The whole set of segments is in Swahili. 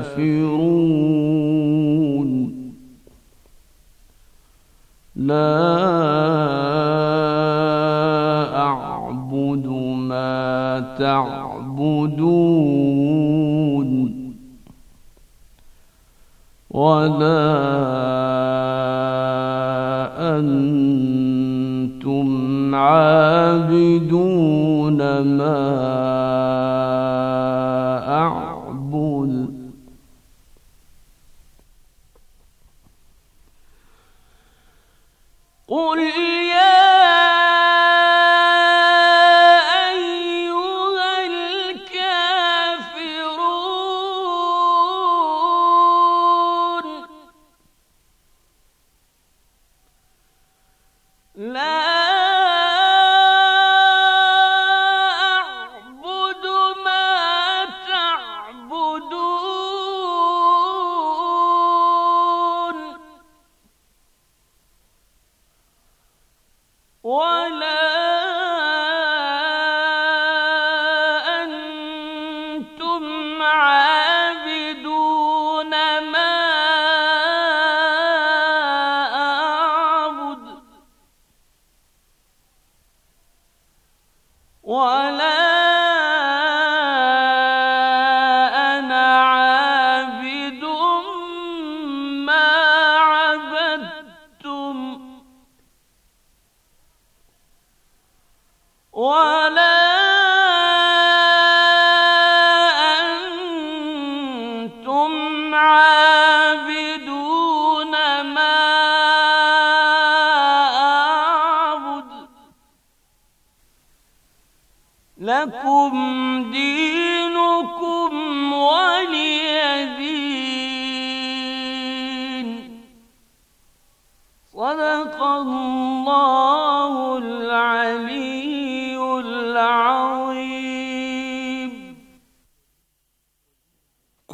كافرون لا أعبد ما تعبدون ولا أنتم عابدون ما أعبد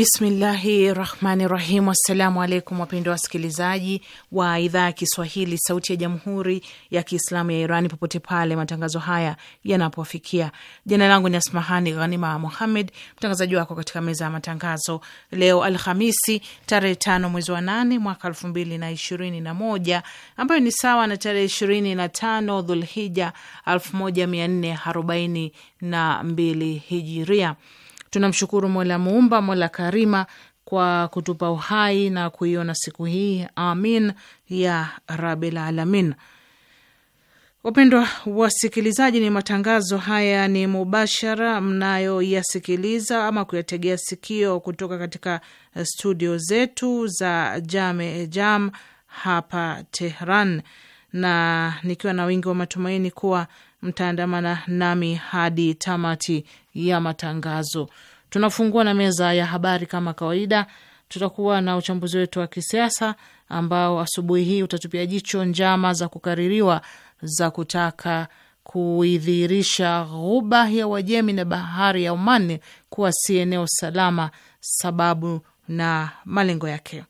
Bismillahi rahmani rahim. Assalamu alaikum wapendwa wasikilizaji wa idhaa ya Kiswahili sauti ya jamhuri ya Kiislamu ya irani popote pale matangazo haya yanapofikia. Jina langu ni Asmahani Ghanima Muhammed, mtangazaji wako katika meza ya matangazo leo Alhamisi tarehe tano mwezi wa nane mwaka elfu mbili na ishirini na moja ambayo ni sawa na tarehe ishirini na tano Dhulhija elfu moja mia nne arobaini na mbili hijiria Tunamshukuru Mola Muumba, Mola Karima kwa kutupa uhai na kuiona siku hii, amin ya rabil alamin. Wapendwa wasikilizaji, ni matangazo haya ni mubashara mnayoyasikiliza ama kuyategea sikio kutoka katika studio zetu za Jame Jam hapa Tehran, na nikiwa na wingi wa matumaini kuwa mtaandamana nami hadi tamati ya matangazo. Tunafungua na meza ya habari kama kawaida. Tutakuwa na uchambuzi wetu wa kisiasa ambao asubuhi hii utatupia jicho njama za kukaririwa za kutaka kuidhihirisha ghuba ya Uajemi na bahari ya Oman kuwa si eneo salama, sababu na malengo yake.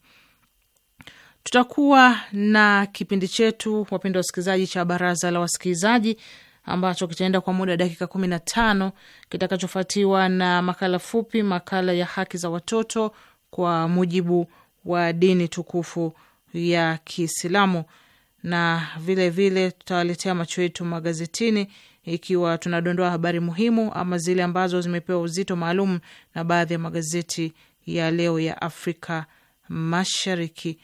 Tutakuwa na kipindi chetu, wapendwa wasikilizaji, cha baraza la wasikilizaji ambacho kitaenda kwa muda wa dakika kumi na tano kitakachofuatiwa na makala fupi, makala ya haki za watoto kwa mujibu wa dini tukufu ya Kiislamu, na vilevile tutawaletea macho yetu magazetini ikiwa tunadondoa habari muhimu ama zile ambazo zimepewa uzito maalum na baadhi ya magazeti ya leo ya Afrika Mashariki.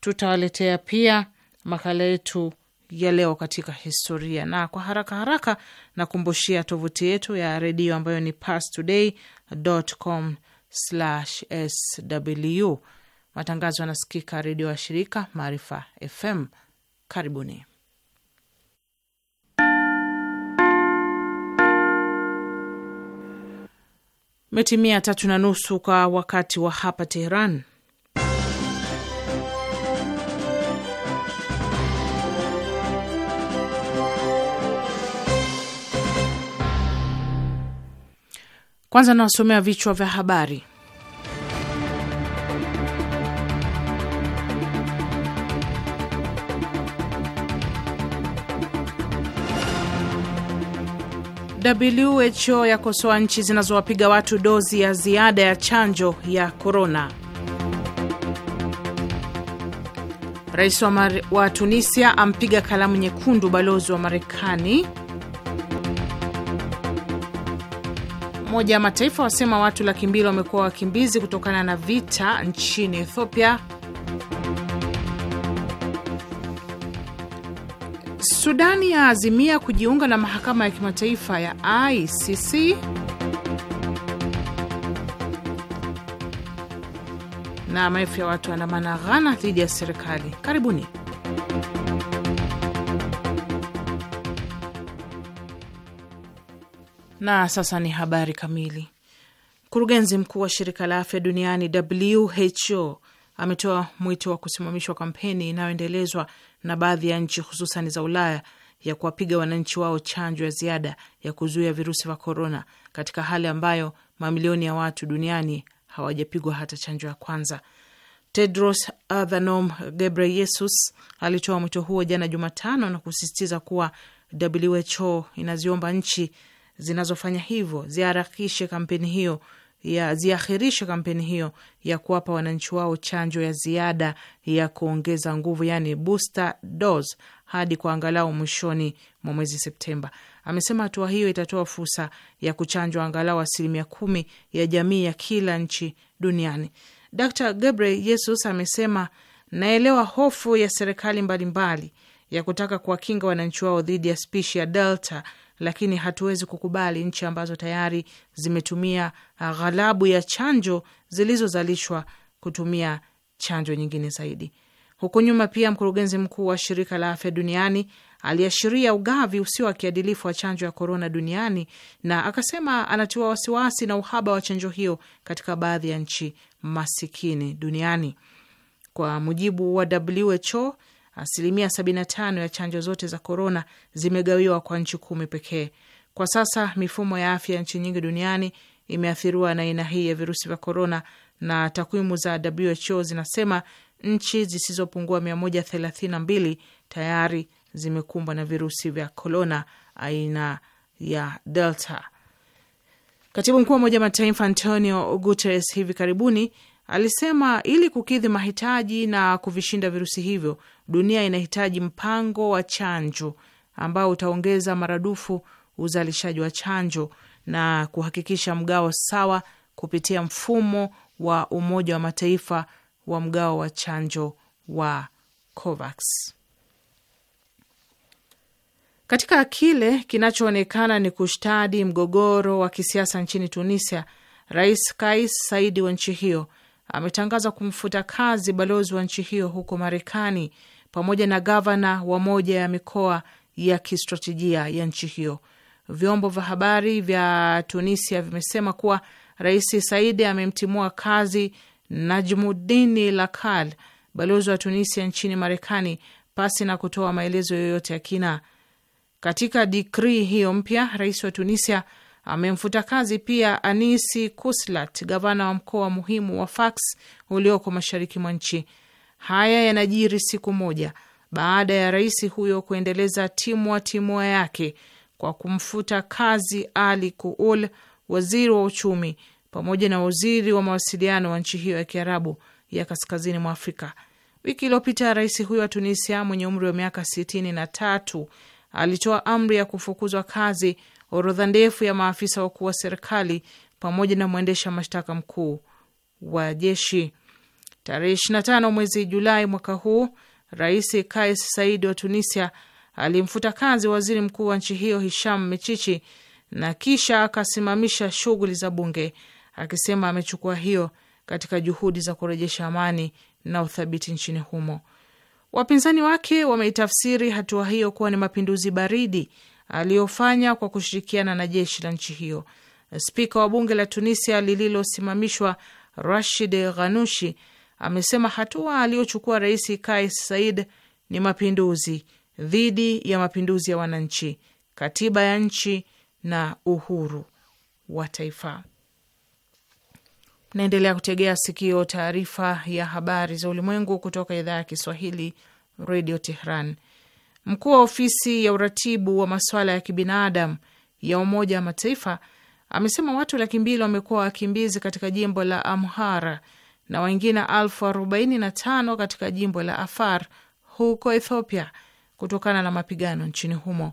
Tutawaletea pia makala yetu ya leo katika historia. Na kwa haraka haraka nakumbushia tovuti yetu ya redio ambayo ni pastoday.com/sw. Matangazo yanasikika redio ya shirika Maarifa FM. Karibuni. Metimia tatu na nusu kwa wakati wa hapa Teheran Kwanza nawasomea vichwa vya habari. WHO yakosoa nchi zinazowapiga watu dozi ya ziada ya chanjo ya korona. Rais wa, wa Tunisia ampiga kalamu nyekundu balozi wa Marekani. Umoja wa Mataifa wasema watu laki mbili wamekuwa wakimbizi kutokana na vita nchini Ethiopia. Sudani yaazimia kujiunga na mahakama ya kimataifa ya ICC. Na maelfu ya watu waandamana Ghana dhidi ya serikali. Karibuni. Na sasa ni habari kamili. Mkurugenzi mkuu wa shirika la afya duniani WHO ametoa mwito wa kusimamishwa kampeni inayoendelezwa na baadhi ya nchi hususan za Ulaya ya kuwapiga wananchi wao chanjo ya ziada ya kuzuia virusi vya korona, katika hali ambayo mamilioni ya watu duniani hawajapigwa hata chanjo ya kwanza. Tedros Adhanom Ghebreyesus alitoa mwito huo jana Jumatano na kusisitiza kuwa WHO inaziomba nchi zinazofanya hivyo ziharakishe kampeni hiyo ya ziakhirishe kampeni hiyo ya kuwapa wananchi wao chanjo ya ziada ya kuongeza nguvu, yani booster dose, hadi kwa angalau mwishoni mwa mwezi Septemba. Amesema hatua hiyo itatoa fursa ya kuchanjwa angalau asilimia kumi ya jamii ya kila nchi duniani. Dr Gabriel Jesus amesema, naelewa hofu ya serikali mbalimbali ya kutaka kuwakinga wananchi wao dhidi ya spishi ya Delta lakini hatuwezi kukubali nchi ambazo tayari zimetumia uh, ghalabu ya chanjo zilizozalishwa kutumia chanjo nyingine zaidi. huku nyuma pia mkurugenzi mkuu wa shirika la afya duniani aliashiria ugavi usio wa kiadilifu wa chanjo ya korona duniani na akasema anatiwa wasiwasi na uhaba wa chanjo hiyo katika baadhi ya nchi masikini duniani. Kwa mujibu wa WHO, Asilimia 75 ya chanjo zote za korona zimegawiwa kwa nchi kumi pekee. Kwa sasa mifumo ya afya ya nchi nyingi duniani imeathiriwa na aina hii ya virusi vya korona, na takwimu za WHO zinasema nchi zisizopungua 132 tayari zimekumbwa na virusi vya korona aina ya Delta. Katibu mkuu wa Umoja wa Mataifa Antonio Guterres hivi karibuni alisema ili kukidhi mahitaji na kuvishinda virusi hivyo, dunia inahitaji mpango wa chanjo ambao utaongeza maradufu uzalishaji wa chanjo na kuhakikisha mgao sawa kupitia mfumo wa Umoja wa Mataifa wa mgao wa chanjo wa COVAX. Katika kile kinachoonekana ni kushtadi mgogoro wa kisiasa nchini Tunisia, Rais Kais Saidi wa nchi hiyo ametangaza kumfuta kazi balozi wa nchi hiyo huko Marekani pamoja na gavana wa moja ya mikoa ya kistratejia ya nchi hiyo. Vyombo vya habari vya Tunisia vimesema kuwa Rais Saidi amemtimua kazi Najmudini Lakal, balozi wa Tunisia nchini Marekani, pasi na kutoa maelezo yoyote ya kina. Katika dikri hiyo mpya, rais wa Tunisia amemfuta kazi pia Anisi Kuslat, gavana wa mkoa muhimu wa Fax ulioko mashariki mwa nchi. Haya yanajiri siku moja baada ya rais huyo kuendeleza timwa timwa yake kwa kumfuta kazi Ali Kuul, waziri wa uchumi, pamoja na waziri wa mawasiliano wa nchi hiyo ya kiarabu ya kaskazini mwa Afrika. Wiki iliyopita rais huyo wa Tunisia mwenye umri wa miaka sitini na tatu alitoa amri ya kufukuzwa kazi orodha ndefu ya maafisa wakuu wa serikali pamoja na mwendesha mashtaka mkuu wa jeshi. Tarehe 25 mwezi Julai mwaka huu, Rais Kais Saidi wa Tunisia alimfuta kazi waziri mkuu wa nchi hiyo Hisham Mechichi na kisha akasimamisha shughuli za bunge, akisema amechukua hiyo katika juhudi za kurejesha amani na uthabiti nchini humo. Wapinzani wake wameitafsiri hatua hiyo kuwa ni mapinduzi baridi aliyofanya kwa kushirikiana na jeshi la nchi hiyo. Spika wa bunge la Tunisia lililosimamishwa Rashid Ghanushi amesema hatua aliyochukua Rais Kais Said ni mapinduzi dhidi ya mapinduzi ya wananchi, katiba ya nchi na uhuru wa taifa. Naendelea kutegea sikio taarifa ya habari za ulimwengu kutoka idhaa ya Kiswahili, Redio Tehran. Mkuu wa ofisi ya uratibu wa masuala ya kibinadamu ya Umoja wa Mataifa amesema watu laki mbili wamekuwa wakimbizi katika jimbo la Amhara na wengine elfu arobaini na tano katika jimbo la Afar huko Ethiopia kutokana na mapigano nchini humo.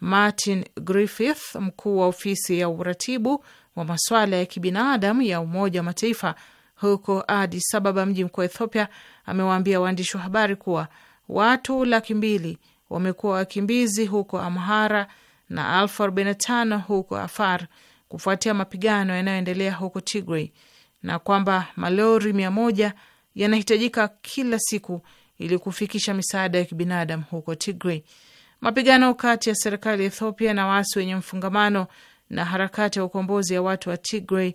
Martin Griffith, mkuu wa ofisi ya uratibu wa maswala ya kibinadamu ya Umoja wa Mataifa huko Adis Ababa, mji mkuu wa Ethiopia, amewaambia waandishi wa habari kuwa watu laki mbili wamekuwa wakimbizi huko Amhara na elfu arobaini na tano huko Afar kufuatia mapigano yanayoendelea huko Tigray na kwamba malori mia moja yanahitajika kila siku ili kufikisha misaada ya kibinadamu huko Tigray. Mapigano kati ya serikali ya Ethiopia na waasi wenye mfungamano na harakati ya ukombozi ya watu wa Tigray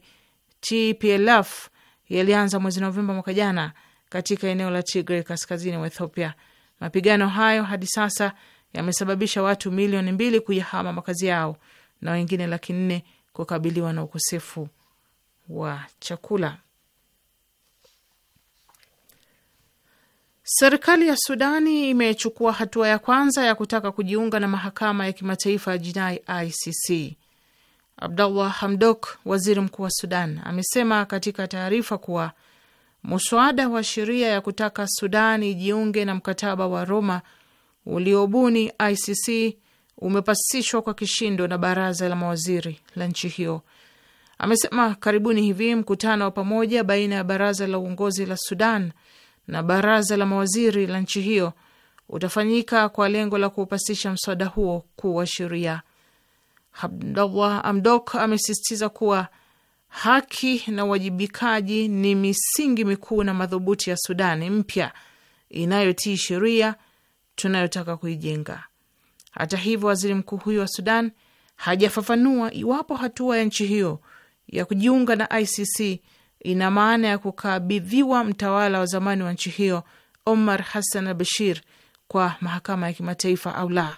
TPLF yalianza mwezi Novemba mwaka jana katika eneo la Tigray kaskazini mwa Ethiopia. Mapigano hayo hadi sasa yamesababisha watu milioni mbili kuyahama makazi yao na wengine laki nne kukabiliwa na ukosefu wa chakula. Serikali ya Sudani imechukua hatua ya kwanza ya kutaka kujiunga na mahakama ya kimataifa ya jinai ICC. Abdullah Hamdok, waziri mkuu wa Sudan, amesema katika taarifa kuwa muswada wa sheria ya kutaka Sudani ijiunge na mkataba wa Roma uliobuni ICC umepasishwa kwa kishindo na baraza la mawaziri la nchi hiyo amesema karibuni hivi mkutano wa pamoja baina ya baraza la uongozi la Sudan na baraza la mawaziri la nchi hiyo utafanyika kwa lengo la kuupasisha mswada huo kuwa sheria. Abdallah Amdok amesisitiza kuwa haki na uwajibikaji ni misingi mikuu na madhubuti ya Sudani mpya inayotii sheria tunayotaka kuijenga. Hata hivyo, waziri mkuu huyo wa Sudan hajafafanua iwapo hatua ya nchi hiyo ya kujiunga na ICC ina maana ya kukabidhiwa mtawala wa zamani wa nchi hiyo Omar Hassan al Bashir kwa mahakama ya kimataifa au la.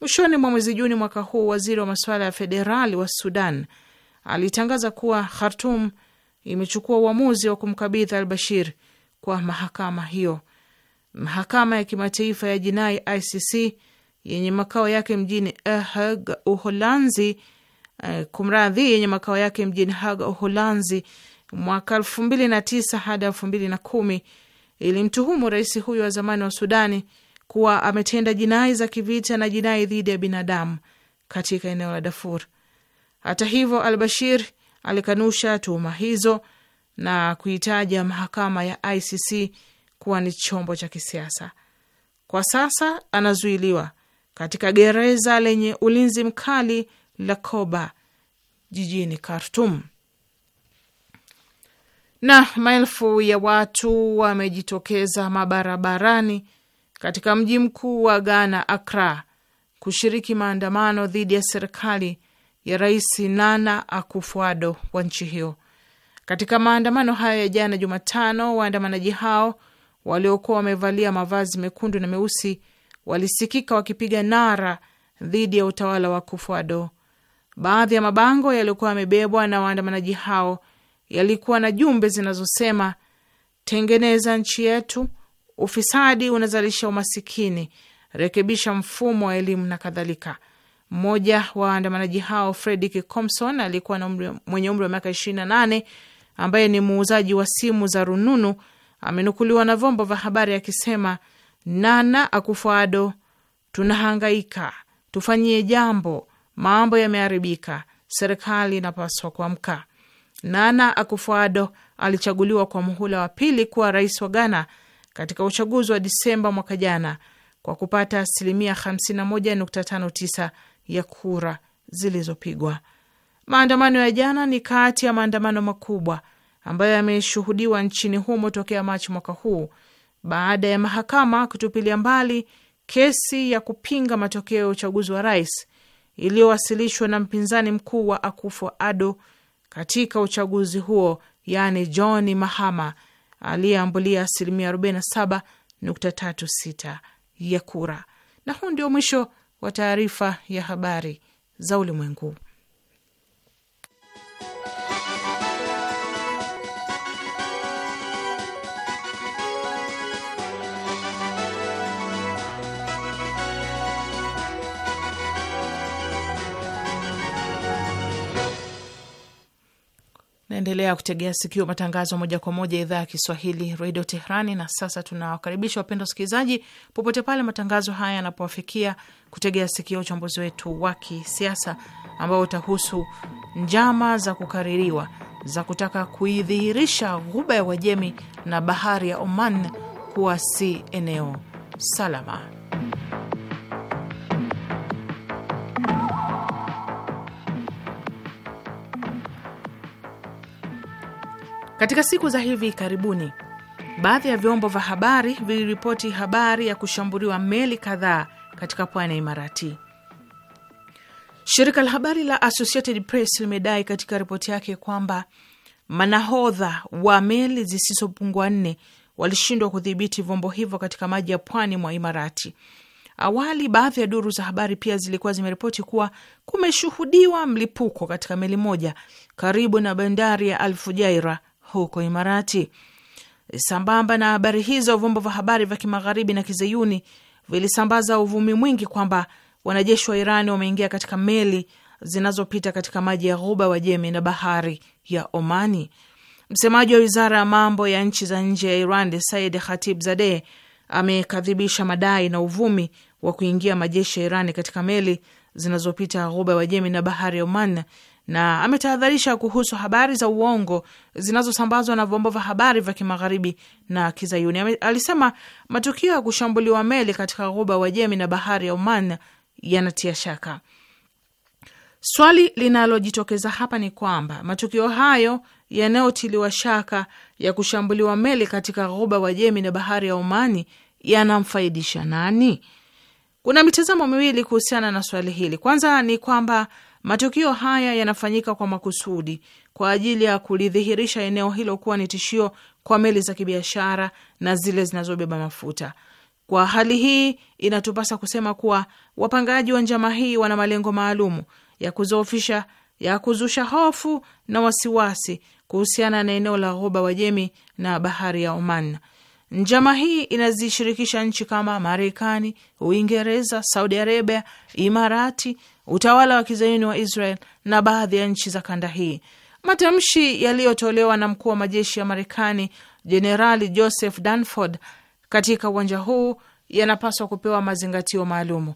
Mwishoni mwa mwezi Juni mwaka huu, waziri wa masuala ya federali wa Sudan alitangaza kuwa Khartum imechukua uamuzi wa kumkabidhi al Bashir kwa mahakama hiyo. Mahakama ya kimataifa ya jinai ICC yenye makao yake mjini ehg Hague, Uholanzi, Eh, kumradhi, yenye makao yake mjini Haga, Uholanzi, mwaka elfu mbili na tisa hadi elfu mbili na kumi ilimtuhumu rais huyo wa zamani wa Sudani kuwa ametenda jinai za kivita na jinai dhidi ya binadamu katika eneo la dafur Hata hivyo, Al Bashir alikanusha tuhuma hizo na kuitaja mahakama ya ICC kuwa ni chombo cha kisiasa. Kwa sasa anazuiliwa katika gereza lenye ulinzi mkali Lakoba jijini Khartum. Na maelfu ya watu wamejitokeza mabarabarani katika mji mkuu wa Ghana, Akra, kushiriki maandamano dhidi ya serikali ya Rais Nana akufuado wa nchi hiyo. Katika maandamano hayo ya jana Jumatano, waandamanaji hao waliokuwa wamevalia mavazi mekundu na meusi walisikika wakipiga nara dhidi ya utawala wa kufuado Baadhi ya mabango yaliyokuwa yamebebwa na waandamanaji hao yalikuwa na jumbe zinazosema tengeneza nchi yetu, ufisadi unazalisha umasikini, rekebisha mfumo wa elimu na kadhalika. Mmoja wa waandamanaji hao Fredrick Comson alikuwa na umri, mwenye umri wa miaka 28 ambaye ni muuzaji wa simu za rununu amenukuliwa na vyombo vya habari akisema, Nana Akufo-Addo, tunahangaika, tufanyie jambo, Mambo yameharibika, serikali inapaswa kuamka. Nana Akufo-Addo alichaguliwa kwa muhula wa pili kuwa rais wa Ghana katika uchaguzi wa Disemba mwaka jana kwa kupata asilimia 51.59 ya kura zilizopigwa. Maandamano ya jana ni kati ya maandamano makubwa ambayo yameshuhudiwa nchini humo tokea Machi mwaka huu baada ya mahakama kutupilia mbali kesi ya kupinga matokeo ya uchaguzi wa rais iliyowasilishwa na mpinzani mkuu wa Akufo Ado katika uchaguzi huo, yaani John Mahama aliyeambulia asilimia 47.36 ya kura. Na huu ndio mwisho wa taarifa ya habari za ulimwengu. Naendelea kutegea sikio matangazo moja kwa moja idhaa ya Kiswahili redio Tehrani. Na sasa tunawakaribisha wapenda wasikilizaji, popote pale matangazo haya yanapowafikia, kutegea sikio uchambuzi wetu wa kisiasa ambao utahusu njama za kukaririwa za kutaka kuidhihirisha ghuba ya Uajemi na bahari ya Oman kuwa si eneo salama. Katika siku za hivi karibuni, baadhi ya vyombo vya habari viliripoti habari ya kushambuliwa meli kadhaa katika pwani ya Imarati. Shirika la habari la Associated Press limedai katika ripoti yake kwamba manahodha wa meli zisizopungua nne walishindwa kudhibiti vyombo hivyo katika maji ya pwani mwa Imarati. Awali, baadhi ya duru za habari pia zilikuwa zimeripoti kuwa kumeshuhudiwa mlipuko katika meli moja karibu na bandari ya Alfujaira huko Imarati. Sambamba na habari hizo, vyombo vya habari vya kimagharibi na kizeyuni vilisambaza uvumi mwingi kwamba wanajeshi wa Irani wameingia katika meli zinazopita katika maji ya ghuba Wajemi na bahari ya Omani. Msemaji wa wizara ya mambo ya nchi za nje ya Iran, Said Khatib zade amekadhibisha madai na uvumi wa kuingia majeshi ya Irani katika meli zinazopita ghuba Wajemi na bahari ya Oman na ametahadharisha kuhusu habari za uongo zinazosambazwa na vyombo vya habari vya kimagharibi na kizayuni. Alisema matukio ya kushambuliwa meli katika ghuba Wajemi na bahari ya Oman yanatia shaka. Swali linalojitokeza hapa ni kwamba matukio hayo yanayotiliwa shaka ya kushambuliwa meli katika ghuba Wajemi na bahari ya Omani yanamfaidisha nani? Kuna mitazamo miwili kuhusiana na swali hili. Kwanza ni kwamba Matukio haya yanafanyika kwa makusudi kwa ajili ya kulidhihirisha eneo hilo kuwa ni tishio kwa meli za kibiashara na zile zinazobeba mafuta. Kwa hali hii, inatupasa kusema kuwa wapangaji wa njama hii wana malengo maalumu ya kuzoofisha, ya kuzusha hofu na wasiwasi kuhusiana na eneo la Ghuba Wajemi na bahari ya Oman. Njama hii inazishirikisha nchi kama Marekani, Uingereza, Saudi Arabia, Imarati, utawala wa kizayuni wa Israel na baadhi ya nchi za kanda hii. Matamshi yaliyotolewa na mkuu wa majeshi ya Marekani Jenerali Joseph Dunford katika uwanja huu yanapaswa kupewa mazingatio maalumu.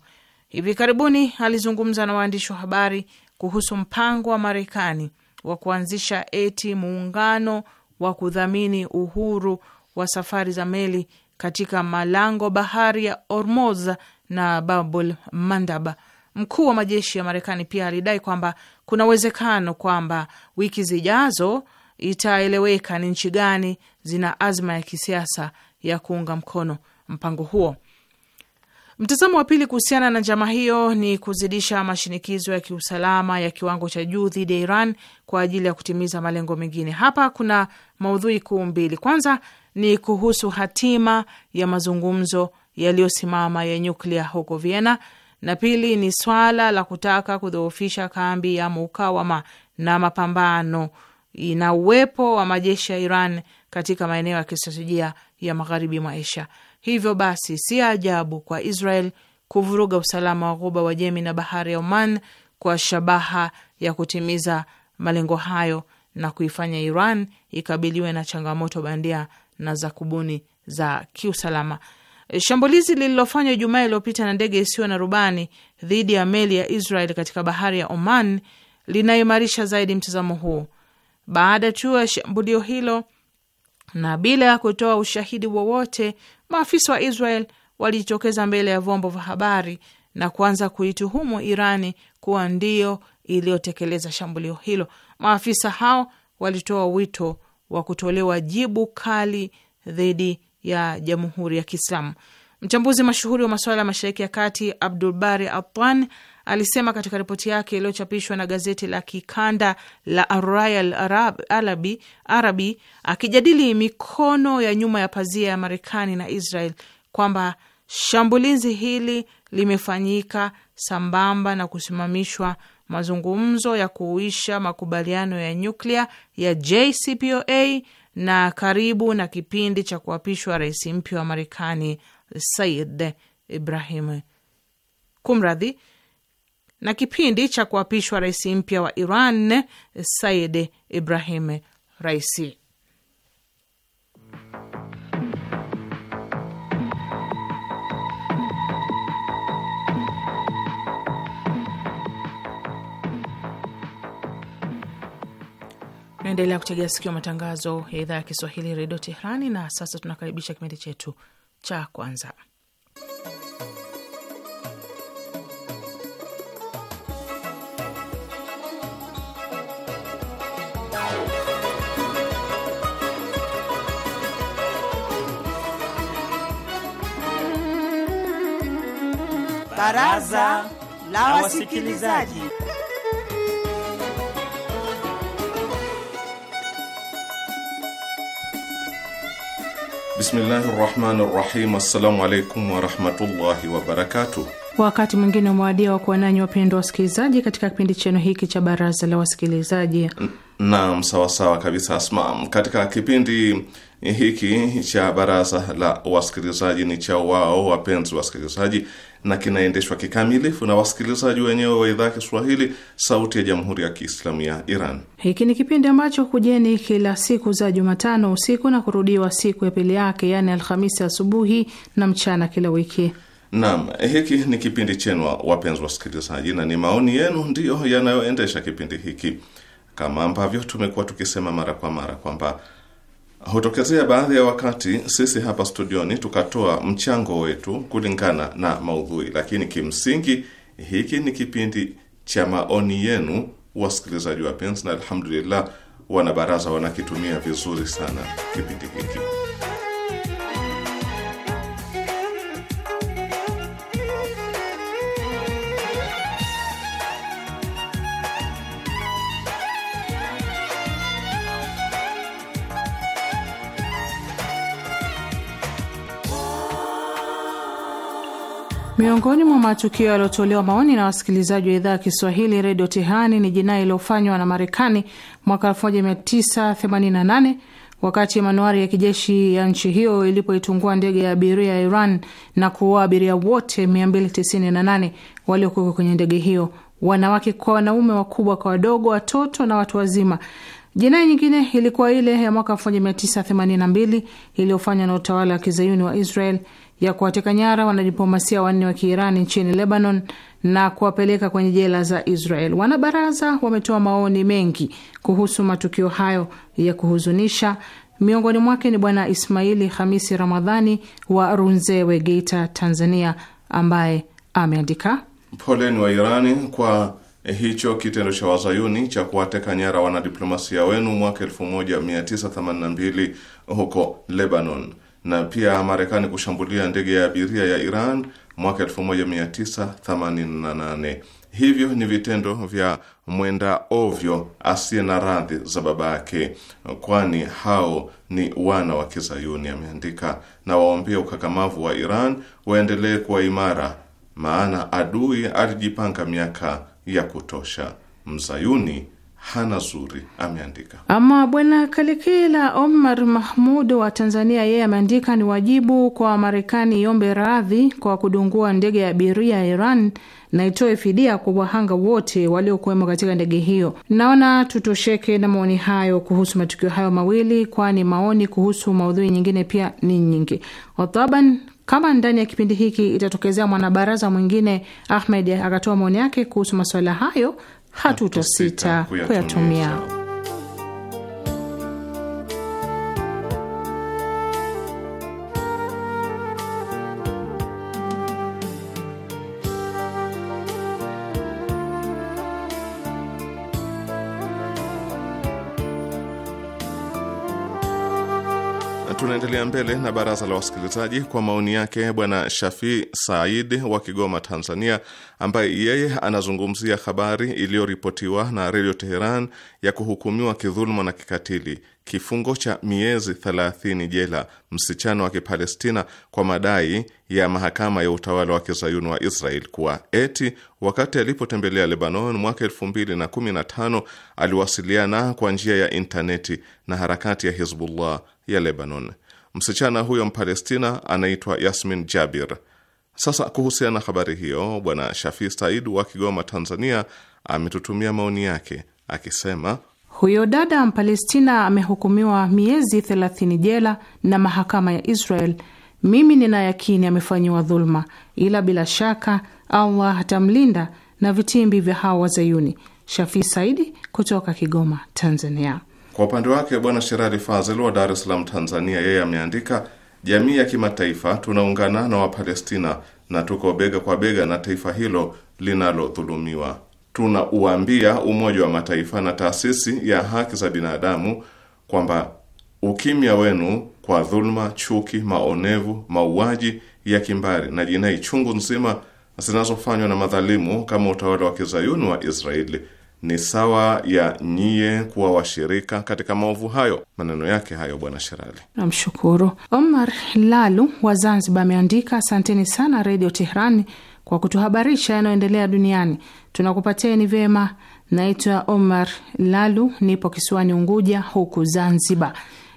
Hivi karibuni alizungumza na waandishi wa habari kuhusu mpango wa Marekani wa kuanzisha eti muungano wa kudhamini uhuru wa safari za meli katika malango bahari ya Ormuz na Babul Mandaba. Mkuu wa majeshi ya Marekani pia alidai kwamba kuna uwezekano kwamba wiki zijazo itaeleweka ni nchi gani zina azma ya kisiasa ya kuunga mkono mpango huo. Mtazamo wa pili kuhusiana na njama hiyo ni kuzidisha mashinikizo ya kiusalama ya kiwango cha juu dhidi ya Iran kwa ajili ya kutimiza malengo mengine. Hapa kuna maudhui kuu mbili. Kwanza ni kuhusu hatima ya mazungumzo yaliyosimama ya nyuklia huko Vienna na pili ni swala la kutaka kudhoofisha kambi ya mukawama na mapambano na uwepo wa majeshi ya Iran katika maeneo ya kistratejia ya magharibi mwa Asia. Hivyo basi, si ajabu kwa Israel kuvuruga usalama wa ghuba wa Jemi na bahari ya Oman kwa shabaha ya kutimiza malengo hayo na kuifanya Iran ikabiliwe na changamoto bandia na za kubuni za kiusalama. E, shambulizi lililofanywa Ijumaa iliyopita na ndege isiyo na rubani dhidi ya meli ya Israel katika bahari ya Oman linaimarisha zaidi mtazamo huu. Baada tu ya shambulio hilo na bila ya kutoa ushahidi wowote, maafisa wa Israel walijitokeza mbele ya vyombo vya habari na kuanza kuituhumu Irani kuwa ndio iliyotekeleza shambulio hilo. Maafisa hao walitoa wito wa kutolewa jibu kali dhidi ya Jamhuri ya Kiislamu. Mchambuzi mashuhuri wa masuala ya Mashariki ya Kati Abdul Bari Atwan alisema katika ripoti yake iliyochapishwa na gazeti la kikanda la Royal Arab, Arabi, Arabi akijadili mikono ya nyuma ya pazia ya Marekani na Israel kwamba shambulizi hili limefanyika sambamba na kusimamishwa mazungumzo ya kuuisha makubaliano ya nyuklia ya JCPOA na karibu na kipindi cha kuapishwa rais mpya wa Marekani Said Ibrahim kumradhi, na kipindi cha kuapishwa rais mpya wa Iran Said Ibrahim Raisi. Naendelea kutegea sikio matangazo ya idhaa ya Kiswahili redio Teherani. Na sasa tunakaribisha kipindi chetu cha kwanza, baraza la wasikilizaji. Bismillahi rahmani rahim. Assalamu alaikum warahmatullahi wabarakatuh. Wakati mwingine umewadia wa kuwa nanyi wapendwa wasikilizaji, katika kipindi chenu hiki cha baraza la wasikilizaji. Naam, sawasawa kabisa Asma. Katika kipindi hiki cha baraza la wasikilizaji ni cha wao wapenzi wasikilizaji na kinaendeshwa kikamilifu na wasikilizaji wenyewe wa idhaa Kiswahili sauti ya jamhuri ya Kiislamu ya Iran. Hiki ni kipindi ambacho hujeni kila siku za Jumatano usiku na kurudiwa siku ya pili yake, yaani Alhamisi asubuhi na mchana kila wiki. Naam, hiki ni kipindi chenu wapenzi wasikilizaji, na ni maoni yenu ndiyo yanayoendesha kipindi hiki, kama ambavyo tumekuwa tukisema mara kwa mara kwamba Hutokezea baadhi ya wakati sisi hapa studioni tukatoa mchango wetu kulingana na maudhui, lakini kimsingi hiki ni kipindi cha maoni yenu, wasikilizaji wapenzi, na alhamdulillah wanabaraza wanakitumia vizuri sana kipindi hiki. Miongoni mwa matukio yaliyotolewa maoni na wasikilizaji wa idhaa ya Kiswahili redio Tehani ni jinai iliyofanywa na Marekani mwaka 1988 wakati manuari ya kijeshi ya nchi hiyo ilipoitungua ndege ya abiria ya Iran na kuua abiria wote 298 waliokuwa kwenye ndege hiyo, wanawake kwa wanaume, wakubwa kwa wadogo, watoto na watu wazima. Jinai nyingine ilikuwa ile ya mwaka 1982 iliyofanywa na utawala wa kizayuni wa Israel ya kuwateka nyara wanadiplomasia wanne wa Kiirani nchini Lebanon na kuwapeleka kwenye jela za Israel. Wanabaraza wametoa maoni mengi kuhusu matukio hayo ya kuhuzunisha. Miongoni mwake ni Bwana Ismaili Hamisi Ramadhani wa Runzewe, Geita, Tanzania, ambaye ameandika poleni wa Irani kwa hicho kitendo cha wazayuni cha kuwateka nyara wanadiplomasia wenu mwaka 1982 huko Lebanon na pia Marekani kushambulia ndege ya abiria ya Iran mwaka 1988. Hivyo ni vitendo vya mwenda ovyo asiye na radhi za baba yake, kwani hao ni wana wa Kizayuni, ameandika. Na waombea ukakamavu wa Iran waendelee kuwa imara, maana adui alijipanga miaka ya kutosha. Mzayuni hana zuri ameandika. Ama bwana Kalikila Omar Mahmud wa Tanzania, yeye ameandika ni wajibu kwa Marekani iombe radhi kwa kudungua ndege ya abiria ya Iran na itoe fidia kwa wahanga wote waliokuwemo katika ndege hiyo. Naona tutosheke na maoni hayo kuhusu matukio hayo mawili, kwani maoni kuhusu maudhui nyingine pia ni nyingi Wataban, kama ndani ya kipindi hiki itatokezea mwanabaraza mwingine Ahmed akatoa maoni yake kuhusu masuala hayo kuyatumia. kuyatumia. mbele na baraza la wasikilizaji kwa maoni yake Bwana Shafi Said wa Kigoma, Tanzania, ambaye yeye anazungumzia habari iliyoripotiwa na Redio Teheran ya kuhukumiwa kidhuluma na kikatili kifungo cha miezi 30 jela msichana wa Kipalestina kwa madai ya mahakama ya utawala wa kizayuni wa Israel kuwa eti wakati alipotembelea Lebanon mwaka 2015 aliwasiliana kwa njia ya intaneti na harakati ya Hizbullah ya Lebanon. Msichana huyo Mpalestina anaitwa Yasmin Jabir. Sasa kuhusiana na habari hiyo, bwana shafi Said wa Kigoma, Tanzania, ametutumia maoni yake akisema huyo dada Mpalestina amehukumiwa miezi 30 jela na mahakama ya Israel. Mimi nina yakini amefanyiwa dhuluma, ila bila shaka Allah atamlinda na vitimbi vya hawa Wazayuni. Shafi Saidi kutoka Kigoma, Tanzania. Kwa upande wake Bwana Sherali Fazel wa Dar es Salaam, Tanzania, yeye ameandika, jamii ya kimataifa tunaungana na Wapalestina na tuko bega kwa bega na taifa hilo linalodhulumiwa. Tunauambia Umoja wa Mataifa na taasisi ya haki za binadamu kwamba ukimya wenu kwa dhuluma, chuki, maonevu, mauaji ya kimbari na jinai chungu nzima zinazofanywa na madhalimu kama utawala wa kizayuni wa Israeli ni sawa ya nyie kuwa washirika katika maovu hayo. Maneno yake hayo, Bwana Sherali. Namshukuru Omar Lalu wa Zanzibar ameandika, asanteni sana Redio Teherani kwa kutuhabarisha yanayoendelea duniani, tunakupateni vyema. Naitwa Omar Lalu, nipo kisiwani Unguja huku Zanzibar.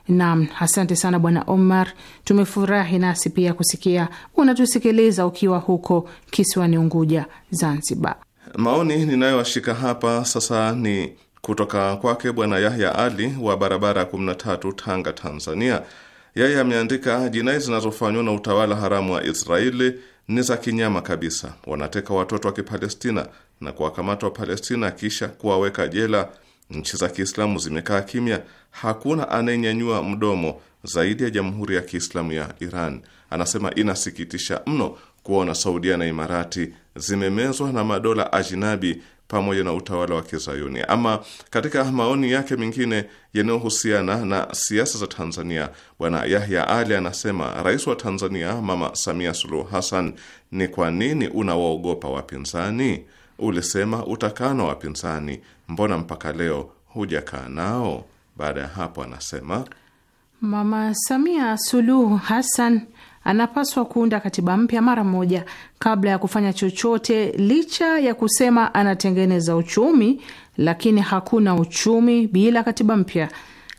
Naam, asante sana Bwana Omar, tumefurahi nasi pia kusikia unatusikiliza ukiwa huko kisiwani Unguja, Zanzibar. Maoni ninayoashika hapa sasa ni kutoka kwake Bwana Yahya Ali wa barabara 13 Tanga, Tanzania. Yeye ameandika, jinai zinazofanywa na utawala haramu wa Israeli ni za kinyama kabisa. Wanateka watoto wa Kipalestina na kuwakamata wa palestina kisha kuwaweka jela. Nchi za Kiislamu zimekaa kimya, hakuna anayenyanyua mdomo zaidi ya Jamhuri ya Kiislamu ya Iran. Anasema inasikitisha mno kuona Saudia na Imarati zimemezwa na madola ajinabi pamoja na utawala wa Kizayuni. Ama katika maoni yake mengine yanayohusiana na siasa za Tanzania, Bwana Yahya Ali anasema rais wa Tanzania Mama Samia Suluhu Hassan, ni kwa nini unawaogopa wapinzani? Ulisema utakaa na wapinzani, mbona mpaka leo hujakaa nao? Baada ya hapo, anasema Mama Samia Suluhu Hassan anapaswa kuunda katiba mpya mara moja kabla ya kufanya chochote, licha ya kusema anatengeneza uchumi, lakini hakuna uchumi bila katiba mpya.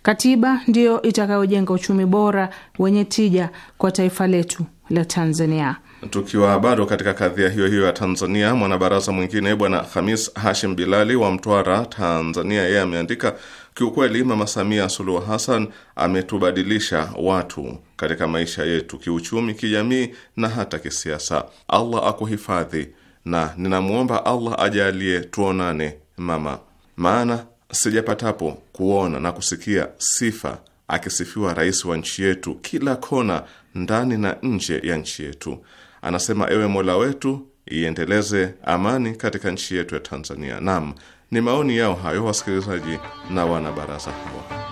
Katiba ndiyo itakayojenga uchumi bora wenye tija kwa taifa letu la Tanzania. Tukiwa bado katika kadhia hiyo hiyo ya Tanzania, mwanabaraza mwingine bwana Hamis Hashim Bilali wa Mtwara, Tanzania, yeye ameandika Kiukweli, Mama Samia Suluhu Hassan ametubadilisha watu katika maisha yetu, kiuchumi, kijamii na hata kisiasa. Allah akuhifadhi, na ninamwomba Allah ajalie tuonane mama, maana sijapatapo kuona na kusikia sifa akisifiwa rais wa nchi yetu kila kona, ndani na nje ya nchi yetu. Anasema, ewe Mola wetu iendeleze amani katika nchi yetu ya Tanzania. Naam, ni maoni yao hayo wasikilizaji na wanabaraza hawa.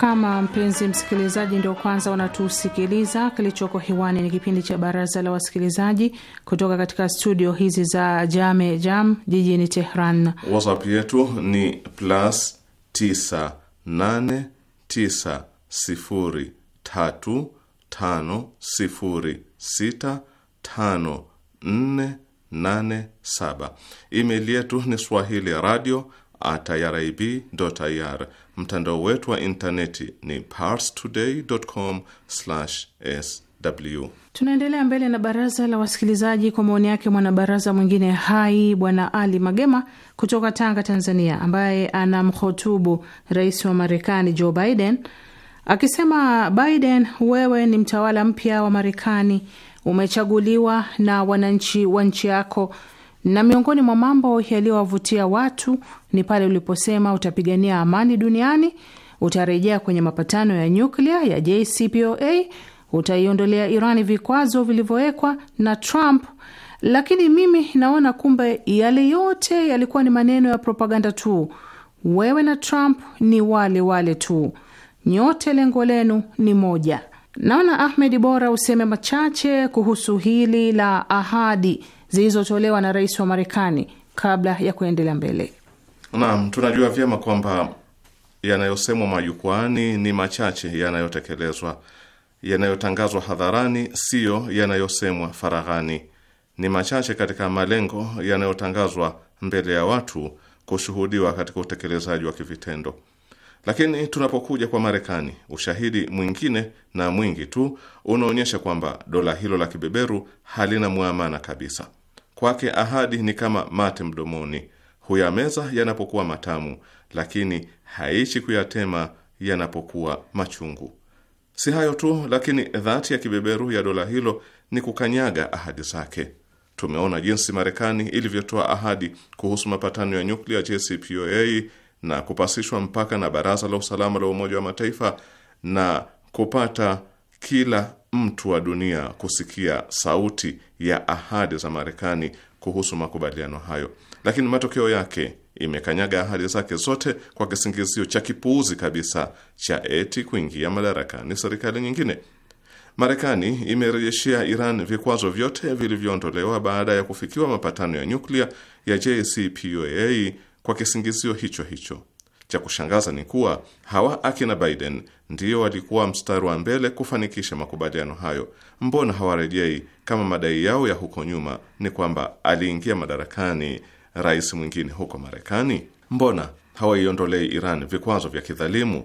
Kama mpenzi msikilizaji ndio kwanza unatusikiliza, kilichoko hewani ni kipindi cha Baraza la Wasikilizaji kutoka katika studio hizi za Jame Jam jijini Tehran. WhatsApp yetu ni plus 989035065487. Email yetu ni swahili radio at irib.ir Mtandao wetu wa intaneti ni parstoday.com/sw. Tunaendelea mbele na baraza la wasikilizaji kwa maoni yake mwanabaraza mwingine hai Bwana Ali Magema kutoka Tanga, Tanzania, ambaye mhotubu rais wa Marekani Joe Biden akisema, Biden, wewe ni mtawala mpya wa Marekani, umechaguliwa na wananchi wa nchi yako na miongoni mwa mambo yaliyowavutia watu ni pale uliposema utapigania amani duniani, utarejea kwenye mapatano ya nyuklia ya JCPOA, utaiondolea Irani vikwazo vilivyowekwa na Trump. Lakini mimi naona kumbe yale yote yalikuwa ni maneno ya propaganda tu. Wewe na Trump ni wale wale tu, nyote lengo lenu ni moja. Naona Ahmed, bora useme machache kuhusu hili la ahadi zilizotolewa na rais wa Marekani kabla ya kuendelea mbele. Naam, tunajua vyema kwamba yanayosemwa majukwaani ni machache yanayotekelezwa. Yanayotangazwa hadharani siyo yanayosemwa faraghani, ni machache katika malengo yanayotangazwa mbele ya watu kushuhudiwa katika utekelezaji wa kivitendo. Lakini tunapokuja kwa Marekani, ushahidi mwingine na mwingi tu unaonyesha kwamba dola hilo la kibeberu halina mwamana kabisa. Kwake ahadi ni kama mate mdomoni, huyameza yanapokuwa matamu, lakini haishi kuyatema yanapokuwa machungu. Si hayo tu, lakini dhati ya kibeberu ya dola hilo ni kukanyaga ahadi zake. Tumeona jinsi Marekani ilivyotoa ahadi kuhusu mapatano ya nyuklia JCPOA na kupasishwa mpaka na Baraza la Usalama la Umoja wa Mataifa na kupata kila mtu wa dunia kusikia sauti ya ahadi za Marekani kuhusu makubaliano hayo, lakini matokeo yake imekanyaga ahadi zake zote kwa kisingizio cha kipuuzi kabisa cha eti kuingia madarakani serikali nyingine. Marekani imerejeshea Iran vikwazo vyote vilivyoondolewa baada ya kufikiwa mapatano ya nyuklia ya JCPOA kwa kisingizio hicho hicho. Cha kushangaza ni kuwa hawa akina Biden ndiyo walikuwa mstari wa mbele kufanikisha makubaliano hayo. Mbona hawarejei kama madai yao ya huko nyuma ni kwamba aliingia madarakani rais mwingine huko Marekani? Mbona hawaiondolei Iran vikwazo vya kidhalimu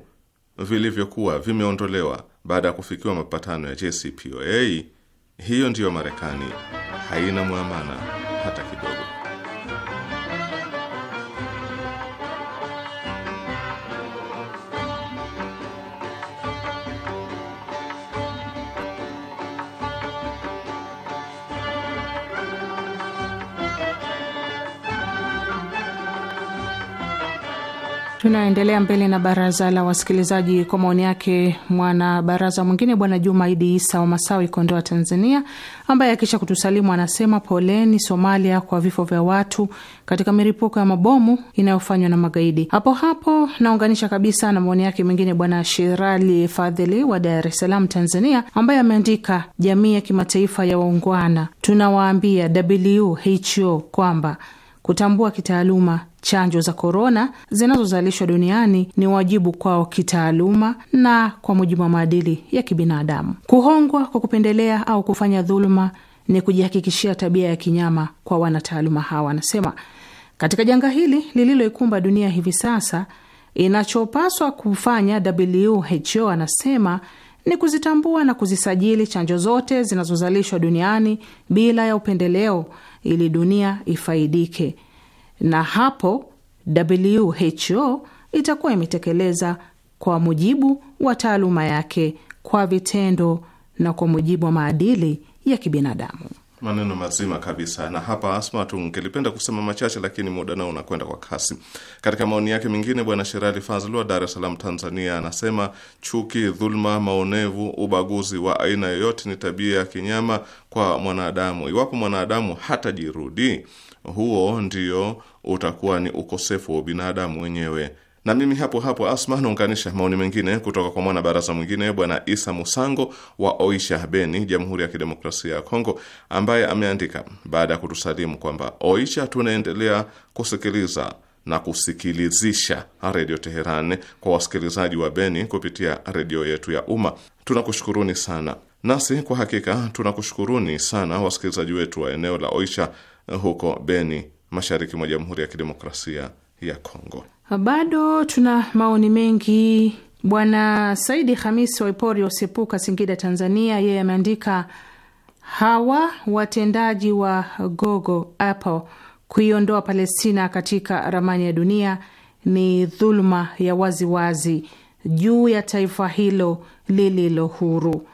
vilivyokuwa vimeondolewa baada ya kufikiwa mapatano ya JCPOA? Hiyo ndiyo Marekani, haina mwamana. Tunaendelea mbele na baraza la wasikilizaji kwa maoni yake mwanabaraza mwingine bwana Juma Idi Isa wa Masawi, Kondoa, Tanzania, ambaye akisha kutusalimu anasema poleni Somalia kwa vifo vya watu katika milipuko ya mabomu inayofanywa na magaidi. Hapo hapo naunganisha kabisa na maoni yake mwingine bwana Shirali Fadhili wa Dar es Salaam, Tanzania, ambaye ameandika jamii ya kimataifa ya waungwana, tunawaambia WHO kwamba kutambua kitaaluma chanjo za korona zinazozalishwa duniani ni wajibu kwao kitaaluma na kwa mujibu wa maadili ya kibinadamu. Kuhongwa kwa kupendelea au kufanya dhuluma ni kujihakikishia tabia ya kinyama kwa wanataaluma hawa, anasema. Katika janga hili lililoikumba dunia hivi sasa, inachopaswa kufanya WHO, anasema ni kuzitambua na kuzisajili chanjo zote zinazozalishwa duniani bila ya upendeleo, ili dunia ifaidike na hapo WHO itakuwa imetekeleza kwa mujibu wa taaluma yake kwa vitendo na kwa mujibu wa maadili ya kibinadamu. Maneno mazima kabisa. Na hapa Asma, tungelipenda kusema machache, lakini muda nao unakwenda kwa kasi. Katika maoni yake mengine, Bwana Sherali Fazl wa Dar es Salaam, Tanzania, anasema chuki, dhuluma, maonevu, ubaguzi wa aina yoyote ni tabia ya kinyama kwa mwanadamu. Iwapo mwanadamu hatajirudi huo ndio utakuwa ni ukosefu wa binadamu wenyewe. Na mimi hapo hapo Asma, naunganisha maoni mengine kutoka kwa mwana baraza mwingine Bwana Isa Musango wa Oisha Beni, Jamhuri ya Kidemokrasia ya Kongo, ambaye ameandika baada ya kutusalimu kwamba Oisha tunaendelea kusikiliza na kusikilizisha Redio Teheran kwa wasikilizaji wa Beni kupitia redio yetu ya umma. Tunakushukuruni sana. Nasi kwa hakika tunakushukuruni sana wasikilizaji wetu wa eneo la Oisha huko Beni, mashariki mwa Jamhuri ya Kidemokrasia ya Kongo. Bado tuna maoni mengi. Bwana Saidi Hamisi Waipori Osepuka, Singida, Tanzania, yeye ameandika hawa watendaji wa gogo hapo kuiondoa Palestina katika ramani ya dunia ni dhuluma ya waziwazi wazi juu ya taifa hilo lililo huru.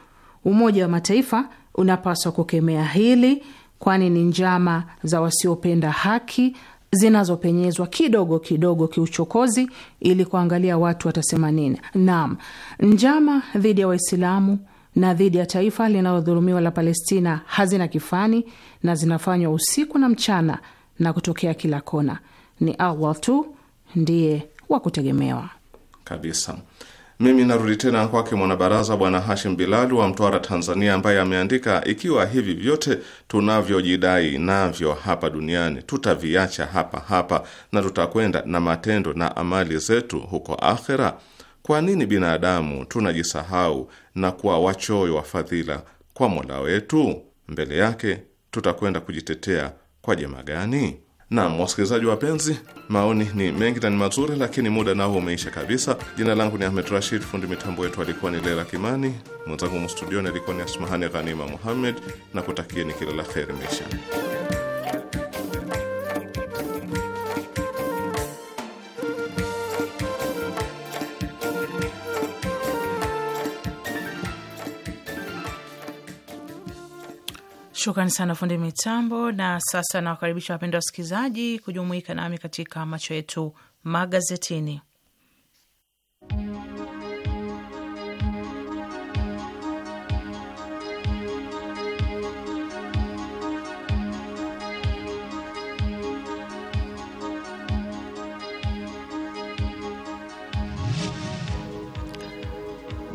Umoja wa Mataifa unapaswa kukemea hili kwani ni njama za wasiopenda haki zinazopenyezwa kidogo kidogo kiuchokozi, ili kuangalia watu watasema nini. Naam, njama dhidi ya Waislamu na dhidi ya taifa linalodhulumiwa la Palestina hazina kifani na zinafanywa usiku na mchana na kutokea kila kona. Ni Allah tu ndiye wa kutegemewa kabisa. Mimi narudi tena kwake mwanabaraza Bwana Hashim bilalu wa Mtwara, Tanzania, ambaye ameandika, ikiwa hivi vyote tunavyojidai navyo hapa duniani tutaviacha hapa hapa na tutakwenda na matendo na amali zetu huko akhera, kwa nini binadamu tunajisahau na kuwa wachoyo wa fadhila kwa Mola wetu? Mbele yake tutakwenda kujitetea kwa jema gani? Naam, wasikilizaji wapenzi, maoni ni mengi na ni mazuri, lakini muda nao umeisha kabisa. Jina langu ni Ahmed Rashid, fundi mitambo wetu alikuwa ni Lela Kimani, mwenzangu mstudioni alikuwa ni Asmahani Ghanima Muhammed, na kutakieni kila la kheri maishani. Shukrani sana fundi mitambo. Na sasa nawakaribisha wapendwa wasikilizaji kujumuika nami katika macho yetu magazetini.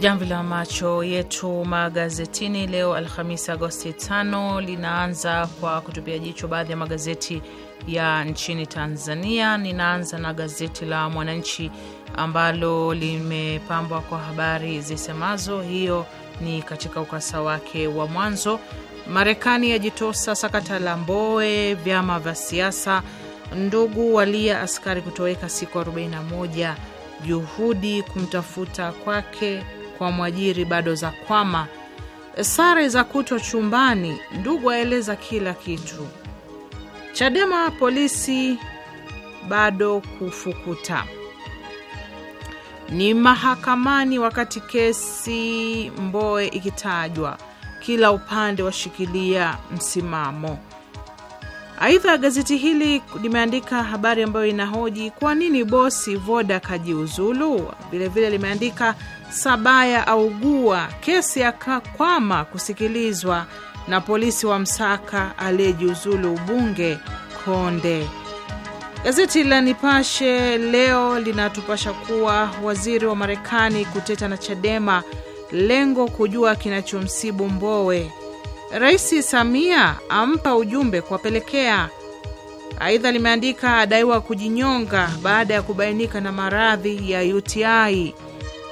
Jamvi la macho yetu magazetini leo Alhamisi Agosti 5 linaanza kwa kutupia jicho baadhi ya magazeti ya nchini Tanzania. Ninaanza na gazeti la Mwananchi ambalo limepambwa kwa habari zisemazo, hiyo ni katika ukasa wake wa mwanzo. Marekani yajitosa sakata la Mbowe, vyama vya siasa, ndugu walia askari kutoweka siku 41, juhudi kumtafuta kwake kwa mwajiri bado za kwama, sare za kutwa chumbani, ndugu aeleza kila kitu. Chadema polisi bado kufukuta ni mahakamani wakati kesi Mboe ikitajwa, kila upande washikilia msimamo. Aidha, gazeti hili limeandika habari ambayo inahoji kwa nini bosi Voda kajiuzulu. Vilevile limeandika Sabaya augua, kesi akakwama kusikilizwa, na polisi wa msaka aliyejiuzulu ubunge Konde. Gazeti la Nipashe leo linatupasha kuwa waziri wa Marekani kuteta na Chadema, lengo kujua kinachomsibu Mbowe. Rais Samia ampa ujumbe kuwapelekea. Aidha limeandika adaiwa kujinyonga baada ya kubainika na maradhi ya UTI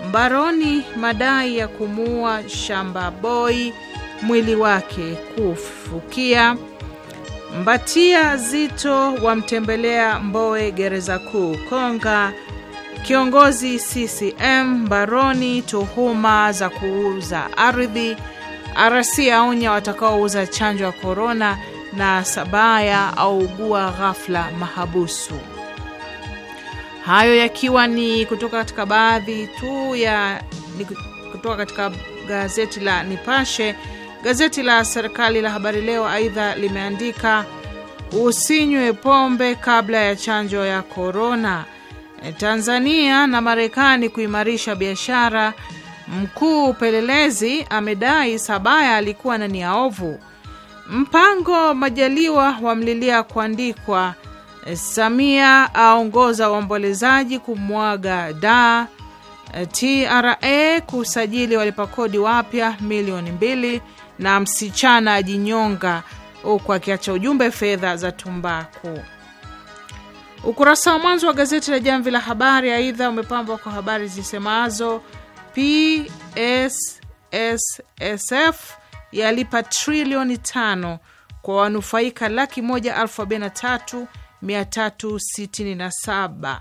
mbaroni madai ya kumuua shamba boy mwili wake kufukia. Mbatia Zito wamtembelea Mbowe gereza kuu Konga. Kiongozi CCM baroni tuhuma za kuuza ardhi. RC aonya watakaouza chanjo ya korona, na Sabaya augua ghafla mahabusu. Hayo yakiwa ni kutoka katika baadhi tu ya ni kutoka katika gazeti la Nipashe. Gazeti la serikali la Habari Leo aidha limeandika usinywe pombe kabla ya chanjo ya korona. E, Tanzania na Marekani kuimarisha biashara. Mkuu upelelezi amedai Sabaya alikuwa na nia ovu. Mpango Majaliwa wamlilia kuandikwa Samia aongoza waombolezaji kumwaga da. TRA kusajili walipakodi wapya milioni mbili, na msichana ajinyonga huku akiacha ujumbe fedha za tumbaku. Ukurasa wa mwanzo wa gazeti la Jamvi la Habari aidha umepambwa kwa habari zisemazo PSSSF yalipa trilioni tano kwa wanufaika laki moja elfu arobaini na tatu 367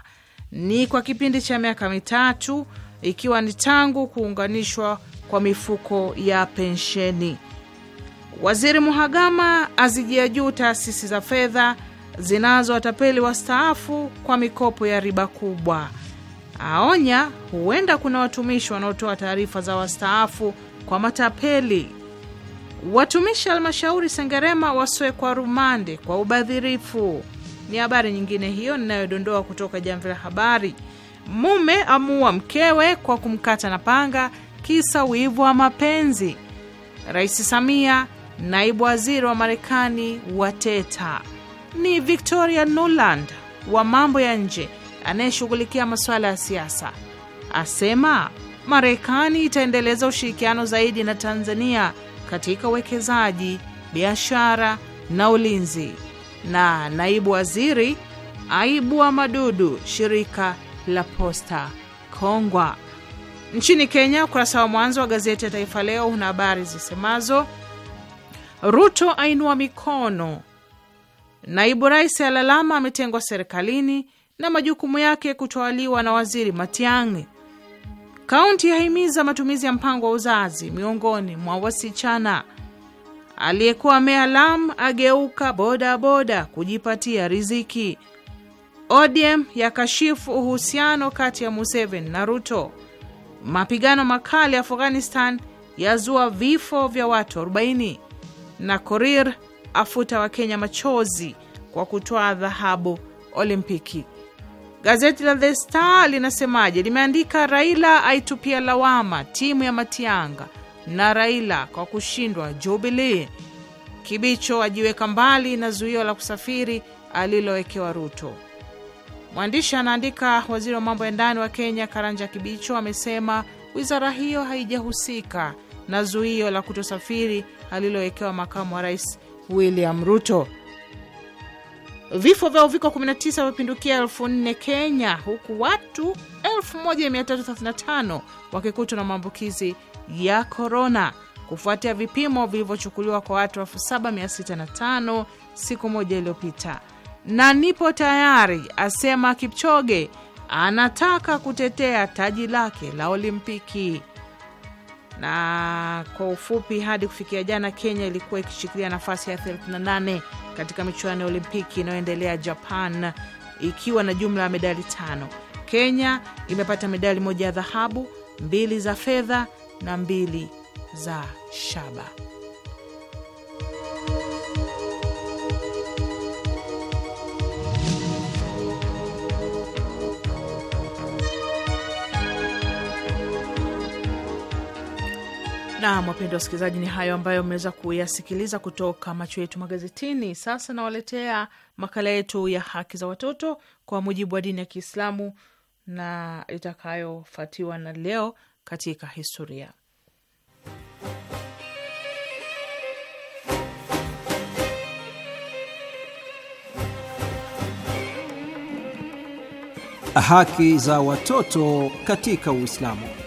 ni kwa kipindi cha miaka mitatu, ikiwa ni tangu kuunganishwa kwa mifuko ya pensheni. Waziri Muhagama azijia juu taasisi za fedha zinazowatapeli wastaafu kwa mikopo ya riba kubwa. Aonya huenda kuna watumishi wanaotoa taarifa za wastaafu kwa matapeli. Watumishi halmashauri Sengerema waswekwa rumande kwa ubadhirifu. Ni habari nyingine hiyo ninayodondoa kutoka jamvi la habari. Mume amuua mkewe kwa kumkata na panga, kisa wivu wa mapenzi. Rais Samia, naibu waziri wa Marekani wateta. Ni Victoria Nuland wa mambo ya nje anayeshughulikia masuala ya siasa asema Marekani itaendeleza ushirikiano zaidi na Tanzania katika uwekezaji, biashara na ulinzi na naibu waziri wa madudu shirika la posta Kongwa. Nchini Kenya, ukurasa wa mwanzo wa gazeti ya Taifa Leo una habari zisemazo: Ruto ainua mikono, naibu rais alalama ametengwa serikalini na majukumu yake kutwaliwa na waziri Matiang'i. Kaunti yahimiza matumizi ya mpango wa uzazi miongoni mwa wasichana. Aliyekuwa mealam ageuka boda boda kujipatia riziki. ODM yakashifu uhusiano kati ya Museveni na Ruto. Mapigano makali Afghanistan yazua vifo vya watu 40 na Korir afuta Wakenya machozi kwa kutoa dhahabu Olimpiki. Gazeti la The Star linasemaje? Limeandika Raila aitupia lawama timu ya Matianga na Raila kwa kushindwa Jubilee. Kibicho ajiweka mbali na zuio la kusafiri alilowekewa Ruto. Mwandishi anaandika, waziri wa mambo ya ndani wa Kenya Karanja Kibicho amesema wizara hiyo haijahusika na zuio la kutosafiri alilowekewa makamu wa rais William Ruto. Vifo vya uviko 19 vimepindukia elfu nne Kenya, huku watu 1335 wakikutwa na maambukizi ya korona kufuatia vipimo vilivyochukuliwa kwa watu elfu siku moja iliyopita. Na nipo tayari, asema Kipchoge, anataka kutetea taji lake la Olimpiki. Na kwa ufupi, hadi kufikia jana, Kenya ilikuwa ikishikilia nafasi ya 38 katika michuano ya Olimpiki inayoendelea Japan, ikiwa na jumla ya medali tano. Kenya imepata medali moja ya dhahabu, mbili za fedha na mbili za shaba. Nam, wapendwa wasikilizaji, ni hayo ambayo mmeweza kuyasikiliza kutoka macho yetu magazetini. Sasa nawaletea makala yetu ya haki za watoto kwa mujibu wa dini ya Kiislamu na itakayofuatiwa na leo katika historia. Haki za watoto katika Uislamu.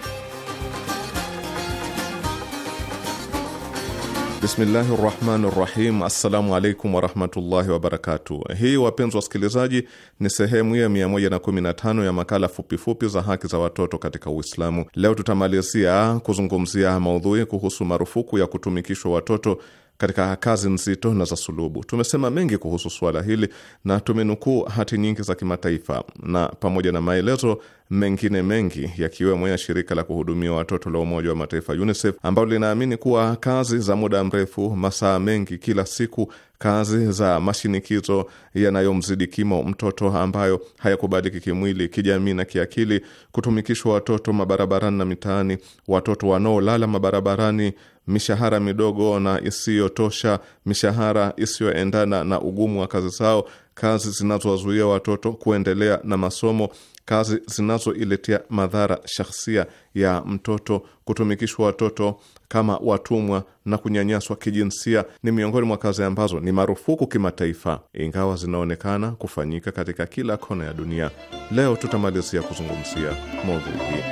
Bismillahi rahmani rahim. Assalamu alaikum warahmatullahi wabarakatu. Hii wapenzi wasikilizaji, ni sehemu ya 115 ya makala fupifupi za haki za watoto katika Uislamu. Leo tutamalizia kuzungumzia maudhui kuhusu marufuku ya kutumikishwa watoto katika kazi nzito na za sulubu. Tumesema mengi kuhusu suala hili na tumenukuu hati nyingi za kimataifa na pamoja na maelezo mengine mengi yakiwemo ya shirika la kuhudumia watoto la Umoja wa Mataifa UNICEF ambalo linaamini kuwa kazi za muda mrefu, masaa mengi kila siku, kazi za mashinikizo yanayomzidi kimo mtoto, ambayo hayakubaliki kimwili, kijamii na kiakili, kutumikishwa watoto mabarabarani na mitaani, watoto wanaolala mabarabarani, mishahara midogo na isiyotosha, mishahara isiyoendana na ugumu wa kazi zao, kazi zinazowazuia watoto kuendelea na masomo kazi zinazoiletea madhara shahsia ya mtoto, kutumikishwa watoto kama watumwa na kunyanyaswa kijinsia ni miongoni mwa kazi ambazo ni marufuku kimataifa, ingawa zinaonekana kufanyika katika kila kona ya dunia. Leo tutamalizia kuzungumzia maudhui hii.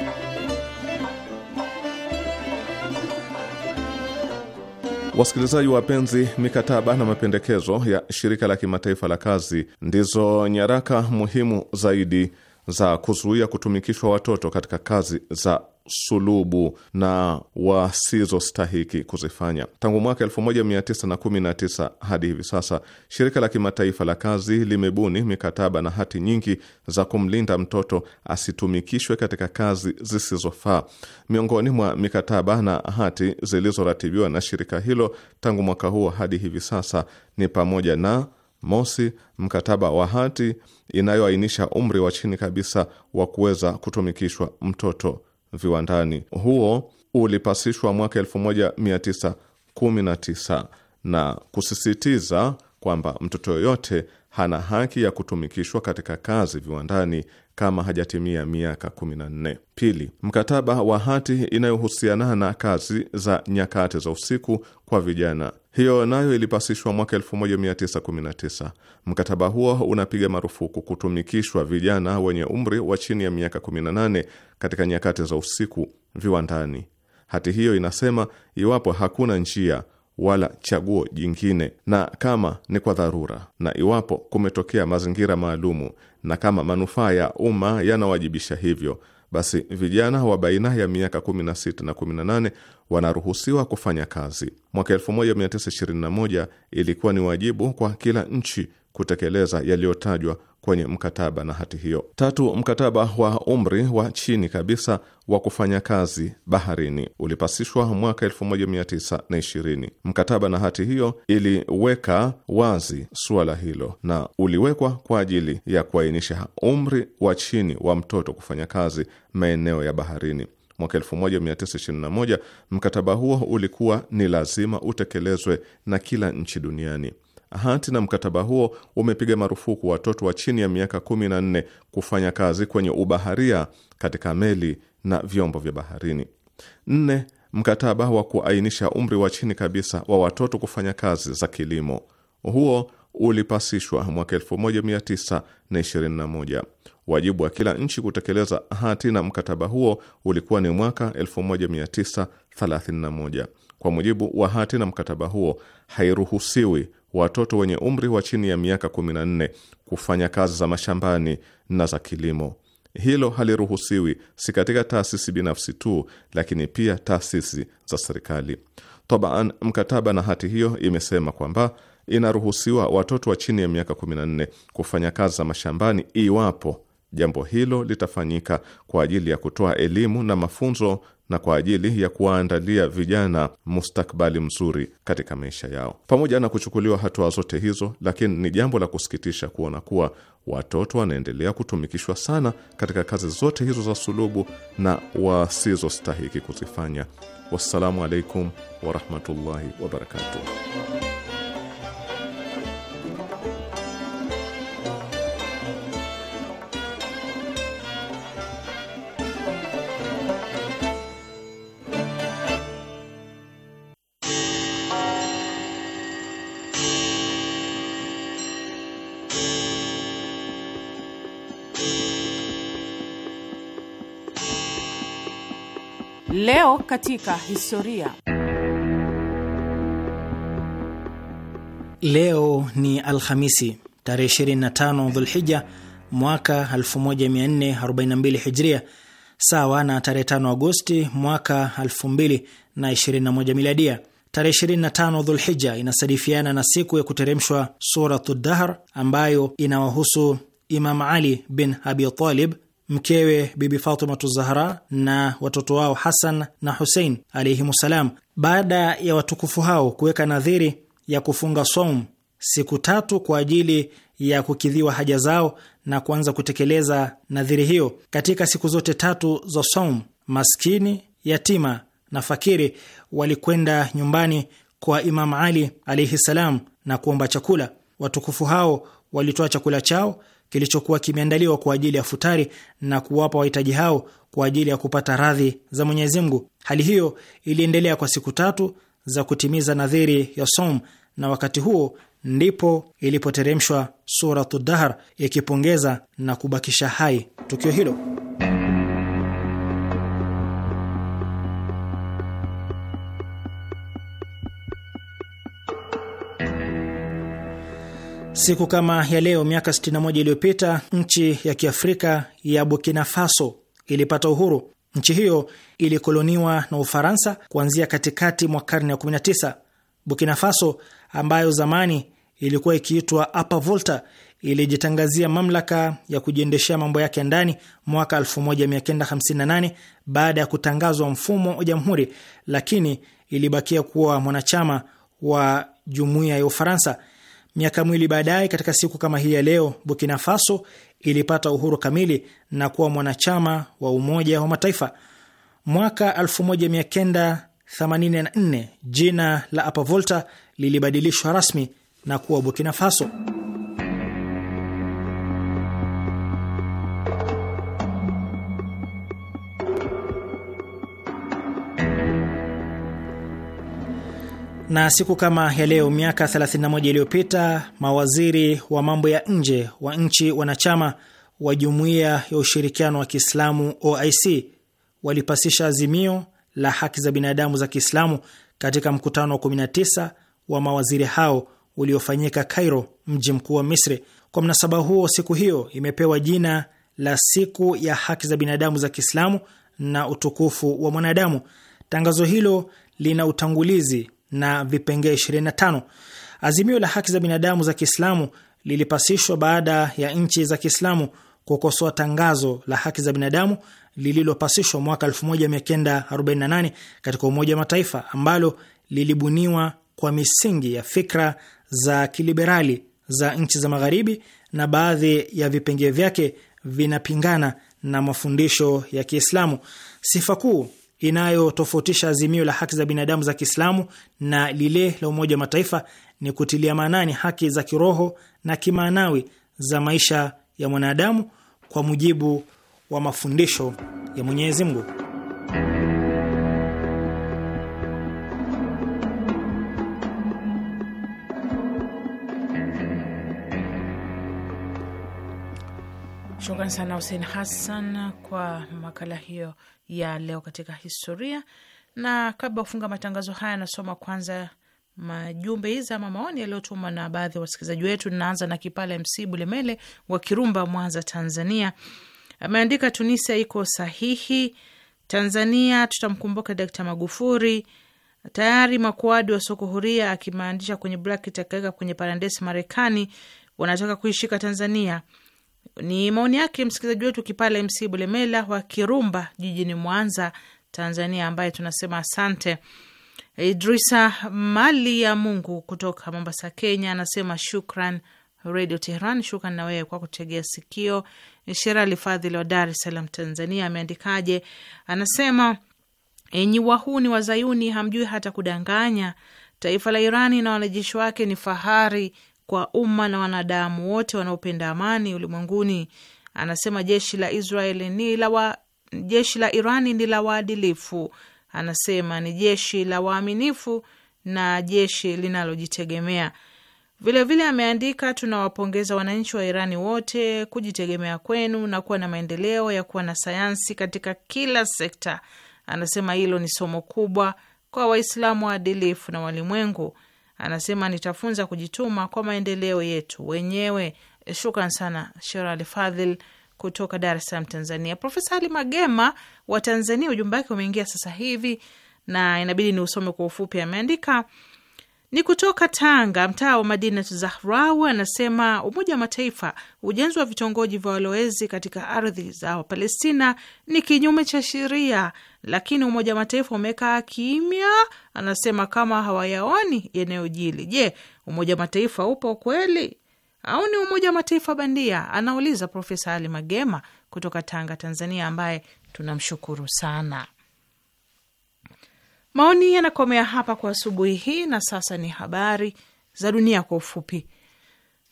Wasikilizaji wapenzi, mikataba na mapendekezo ya shirika la kimataifa la kazi ndizo nyaraka muhimu zaidi za kuzuia kutumikishwa watoto katika kazi za sulubu na wasizostahiki kuzifanya. Tangu mwaka 1919 hadi hivi sasa, shirika la kimataifa la kazi limebuni mikataba na hati nyingi za kumlinda mtoto asitumikishwe katika kazi zisizofaa. Miongoni mwa mikataba na hati zilizoratibiwa na shirika hilo tangu mwaka huo hadi hivi sasa ni pamoja na Mosi, mkataba wa hati inayoainisha umri wa chini kabisa wa kuweza kutumikishwa mtoto viwandani. Huo ulipasishwa mwaka 1919 na kusisitiza kwamba mtoto yoyote hana haki ya kutumikishwa katika kazi viwandani kama hajatimia miaka 14. Pili, mkataba wa hati inayohusiana na kazi za nyakati za usiku kwa vijana, hiyo nayo ilipasishwa mwaka 1919. Mkataba huo unapiga marufuku kutumikishwa vijana wenye umri wa chini ya miaka 18 katika nyakati za usiku viwandani. Hati hiyo inasema iwapo hakuna njia wala chaguo jingine, na kama ni kwa dharura na iwapo kumetokea mazingira maalumu, na kama manufaa ya umma yanawajibisha hivyo, basi vijana wa baina ya miaka 16 na 18 wanaruhusiwa kufanya kazi. Mwaka 1921 ilikuwa ni wajibu kwa kila nchi kutekeleza yaliyotajwa kwenye mkataba na hati hiyo. Tatu, mkataba wa umri wa chini kabisa wa kufanya kazi baharini ulipasishwa mwaka 1920. Mkataba na hati hiyo iliweka wazi suala hilo na uliwekwa kwa ajili ya kuainisha umri wa chini wa mtoto kufanya kazi maeneo ya baharini. Mwaka 1921 mkataba huo ulikuwa ni lazima utekelezwe na kila nchi duniani hati na mkataba huo umepiga marufuku watoto wa chini ya miaka 14 kufanya kazi kwenye ubaharia katika meli na vyombo vya baharini. Nne, mkataba wa kuainisha umri wa chini kabisa wa watoto kufanya kazi za kilimo huo ulipasishwa mwaka 1921. Wajibu wa kila nchi kutekeleza hati na mkataba huo ulikuwa ni mwaka 1931. Kwa mujibu wa hati na mkataba huo, hairuhusiwi watoto wenye umri wa chini ya miaka 14 kufanya kazi za mashambani na za kilimo. Hilo haliruhusiwi si katika taasisi binafsi tu, lakini pia taasisi za serikali. Tabaan, mkataba na hati hiyo imesema kwamba inaruhusiwa watoto wa chini ya miaka 14 kufanya kazi za mashambani iwapo jambo hilo litafanyika kwa ajili ya kutoa elimu na mafunzo na kwa ajili ya kuwaandalia vijana mustakbali mzuri katika maisha yao. Pamoja na kuchukuliwa hatua zote hizo, lakini ni jambo la kusikitisha kuona kuwa watoto wanaendelea kutumikishwa sana katika kazi zote hizo za sulubu na wasizostahiki kuzifanya. Wassalamu alaikum warahmatullahi wabarakatuh. katika historia. Leo ni Alhamisi tarehe 25 Dhulhija mwaka 1442 Hijria, sawa na tarehe 5 Agosti mwaka 2021 Miladia. Tarehe 25 Dhulhija inasadifiana na siku ya kuteremshwa Suratu Dahr ambayo inawahusu Imam Ali bin Abi Talib mkewe Bibi Fatimatu Zahra na watoto wao Hasan na Husein alaihimussalam, baada ya watukufu hao kuweka nadhiri ya kufunga saum siku tatu kwa ajili ya kukidhiwa haja zao na kuanza kutekeleza nadhiri hiyo katika siku zote tatu za saum. Maskini, yatima na fakiri walikwenda nyumbani kwa Imam Ali alaihi salam na kuomba chakula. Watukufu hao walitoa chakula chao kilichokuwa kimeandaliwa kwa ajili ya futari na kuwapa wahitaji hao kwa ajili ya kupata radhi za Mwenyezi Mungu. Hali hiyo iliendelea kwa siku tatu za kutimiza nadhiri ya som, na wakati huo ndipo ilipoteremshwa Suratu Dahar ikipongeza na kubakisha hai tukio hilo. Siku kama ya leo miaka 61 iliyopita nchi ya kiafrika ya Burkina Faso ilipata uhuru. Nchi hiyo ilikoloniwa na Ufaransa kuanzia katikati mwa karne ya 19. Burkina Faso ambayo zamani ilikuwa ikiitwa Upper Volta ilijitangazia mamlaka ya kujiendeshea mambo yake ndani mwaka 1958 baada ya kutangazwa mfumo wa jamhuri, lakini ilibakia kuwa mwanachama wa jumuiya ya Ufaransa. Miaka miwili baadaye, katika siku kama hii ya leo, Burkina Faso ilipata uhuru kamili na kuwa mwanachama wa Umoja wa Mataifa. Mwaka 1984 jina la Apavolta lilibadilishwa rasmi na kuwa Burkina Faso. Na siku kama ya leo miaka 31 iliyopita mawaziri wa mambo ya nje wa nchi wanachama wa Jumuiya ya Ushirikiano wa Kiislamu OIC walipasisha azimio la haki za binadamu za Kiislamu katika mkutano wa 19 wa mawaziri hao uliofanyika Cairo, mji mkuu wa Misri. Kwa mnasaba huo, siku hiyo imepewa jina la siku ya haki za binadamu za Kiislamu na utukufu wa mwanadamu. Tangazo hilo lina utangulizi na vipengee 25. Azimio la haki za binadamu za Kiislamu lilipasishwa baada ya nchi za Kiislamu kukosoa tangazo la haki za binadamu lililopasishwa mwaka 1948 katika Umoja wa Mataifa ambalo lilibuniwa kwa misingi ya fikra za kiliberali za nchi za Magharibi na baadhi ya vipengee vyake vinapingana na mafundisho ya Kiislamu. Sifa kuu inayotofautisha azimio la haki za binadamu za Kiislamu na lile la Umoja wa Mataifa ni kutilia maanani haki za kiroho na kimaanawi za maisha ya mwanadamu kwa mujibu wa mafundisho ya Mwenyezi Mungu. Shukran sana Hussein Hassan kwa makala hiyo ya leo katika historia. Na kabla ya kufunga matangazo haya, nasoma kwanza majumbe hizi ama maoni yaliyotumwa na baadhi ya wasikilizaji wetu. Ninaanza na Kipala MC Bulemele wa Kirumba, Mwanza, Tanzania. Ameandika, Tunisia iko sahihi, Tanzania tutamkumbuka Dkt Magufuri. Tayari makuadi wa soko huria, akimaandisha kwenye bracket akaweka kwenye parandesi Marekani, wanataka kuishika Tanzania. Ni maoni yake msikilizaji wetu Kipale MC Bulemela wa Kirumba jijini Mwanza, Tanzania, ambaye tunasema asante. Idrisa Mali ya Mungu kutoka Mombasa, Kenya, anasema shukran Radio Tehran. Shukran na wewe kwa kutegea sikio. Sherali Fadhili wa Dar es Salaam, Tanzania, ameandikaje? Anasema enyi wahuni wa Zayuni, hamjui hata kudanganya. Taifa la Irani na wanajeshi wake ni fahari kwa umma na wanadamu wote wanaopenda amani ulimwenguni. Anasema jeshi la Israeli ni la wa, jeshi la Irani ni la waadilifu. Anasema ni jeshi la waaminifu na jeshi linalojitegemea. Vilevile ameandika, tunawapongeza wananchi wa Irani wote kujitegemea kwenu na kuwa na maendeleo ya kuwa na sayansi katika kila sekta. Anasema hilo ni somo kubwa kwa Waislamu waadilifu na walimwengu. Anasema nitafunza kujituma kwa maendeleo yetu wenyewe. Eh, shukran sana Sherali Fadhil kutoka Dar es Salaam, Tanzania. Profesa Ali Magema wa Tanzania, ujumbe wake umeingia sasa hivi na inabidi ni usome kwa ufupi. Ameandika ni kutoka Tanga, mtaa wa Madinatu Zahrau. Anasema Umoja wa Mataifa, ujenzi wa vitongoji vya walowezi katika ardhi za Wapalestina ni kinyume cha sheria lakini Umoja wa Mataifa umekaa kimya, anasema kama hawayaoni yanayojili. Je, Umoja wa Mataifa upo kweli au ni Umoja wa Mataifa bandia? Anauliza Profesa Ali Magema kutoka Tanga, Tanzania, ambaye tunamshukuru sana. Maoni yanakomea hapa kwa asubuhi hii, na sasa ni habari za dunia kwa ufupi.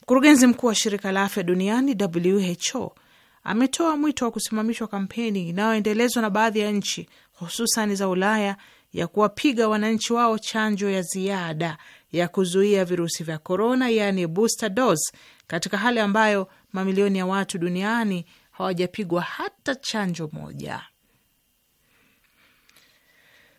Mkurugenzi mkuu wa shirika la afya duniani WHO ametoa mwito wa kusimamishwa kampeni inayoendelezwa na baadhi ya nchi hususan za Ulaya ya kuwapiga wananchi wao chanjo ya ziada ya kuzuia virusi vya korona, yaani booster dose, katika hali ambayo mamilioni ya watu duniani hawajapigwa hata chanjo moja.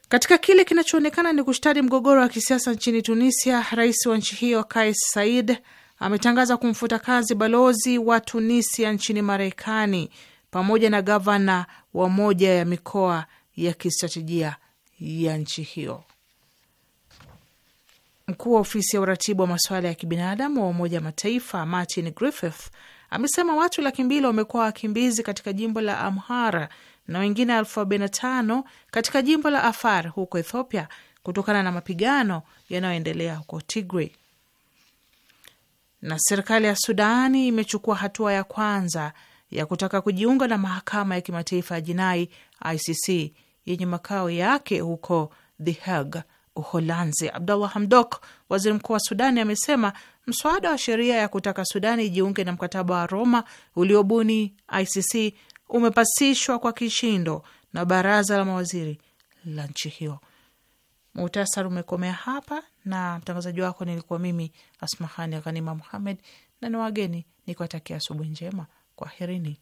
Katika kile kinachoonekana ni kushtadi mgogoro wa kisiasa nchini Tunisia, rais wa nchi hiyo Kais Saied ametangaza kumfuta kazi balozi wa Tunisia nchini Marekani pamoja na gavana wa moja ya mikoa ya kistratejia ya nchi hiyo. Mkuu wa ofisi ya uratibu wa masuala ya kibinadamu wa Umoja wa Mataifa Martin Griffith amesema watu laki mbili wamekuwa wakimbizi katika jimbo la Amhara na wengine elfu arobaini na tano katika jimbo la Afar huko Ethiopia kutokana na mapigano yanayoendelea huko Tigray. Na serikali ya Sudani imechukua hatua ya kwanza ya kutaka kujiunga na mahakama ya kimataifa ya jinai ICC yenye makao yake huko The Hague, Uholanzi. Abdallah Hamdok, waziri mkuu wa Sudani, amesema mswada wa sheria ya kutaka Sudani ijiunge na mkataba wa Roma uliobuni ICC umepasishwa kwa kishindo na baraza la mawaziri la nchi hiyo. Muhtasari umekomea hapa, na mtangazaji wako nilikuwa mimi Asmahani Ghanima Muhammed, na ni wageni nikiwatakia asubuhi njema. Kwaherini.